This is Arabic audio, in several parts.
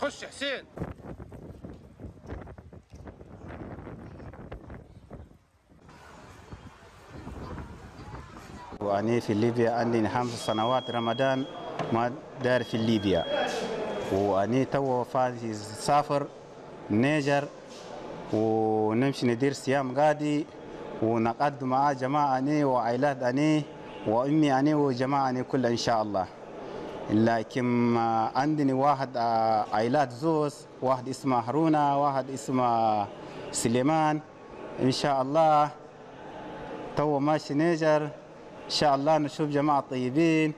خش حسين وأنا في ليبيا عندي خمس سنوات رمضان ما دار في ليبيا وأنا تو فاتي سافر نيجر ونمشي ندير صيام غادي ونقد مع جماعني وعائلاتني وامي اني يعني وجماعني كل ان شاء الله لكن عندني واحد آه، عائلات زوز واحد اسمه هرونا واحد اسمه سليمان ان شاء الله تو ماشي نيجر ان شاء الله نشوف جماعه طيبين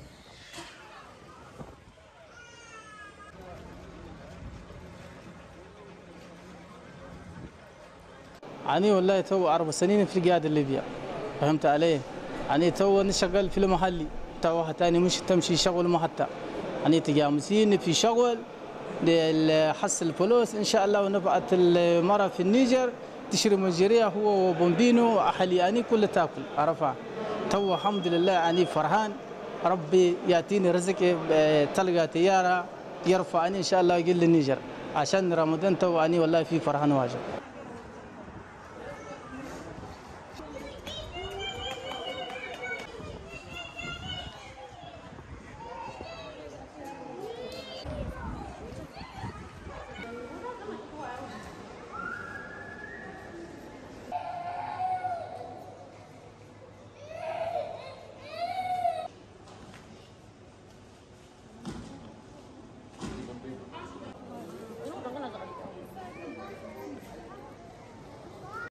عني والله تو أربع سنين في القيادة الليبية فهمت عليه عني تو نشغل في المحلي تو هتاني مش تمشي شغل ما حتى عني تجامسين في شغل لحصل فلوس إن شاء الله ونبعث المرة في النيجر تشري مجرية هو وبومبينو أحلي أني كل تاكل عرفها تو الحمد لله أني فرحان ربي يعطيني رزق آه، تلقى تيارة يرفعني إن شاء الله يقل النيجر عشان رمضان تو أني والله في فرحان واجب